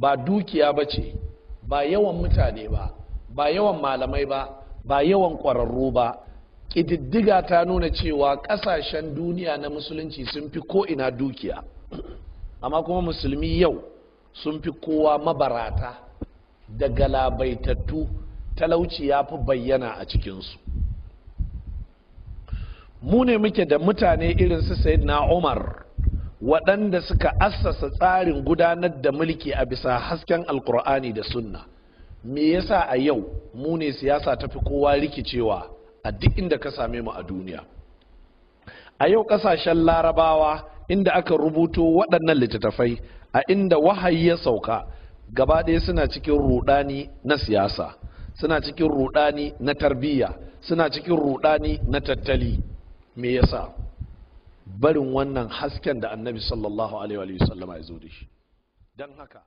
ba dukiya ba ce ba yawan mutane ba ba yawan malamai ba ba yawan ƙwararru ba ƙididdiga ta nuna cewa ƙasashen duniya na musulunci sun fi ko'ina dukiya amma kuma musulmi yau sun fi kowa mabarata da galabaitattu talauci ya fi bayyana a cikinsu mu ne muke da mutane irin su na umar waɗanda suka assasa tsarin gudanar da mulki a bisa hasken alkur'ani da sunna me yasa a yau mu ne siyasa tafi kowa rikicewa a duk inda ka same mu a duniya a yau ƙasashen larabawa inda aka rubuto waɗannan littattafai a inda wahayi ya sauka gaba ɗaya suna cikin rudani na siyasa suna cikin rudani na tarbiyya suna cikin rudani na tattali me yasa barin wannan hasken da annabi sallallahu alaihi wa sallama ya zo da shi don haka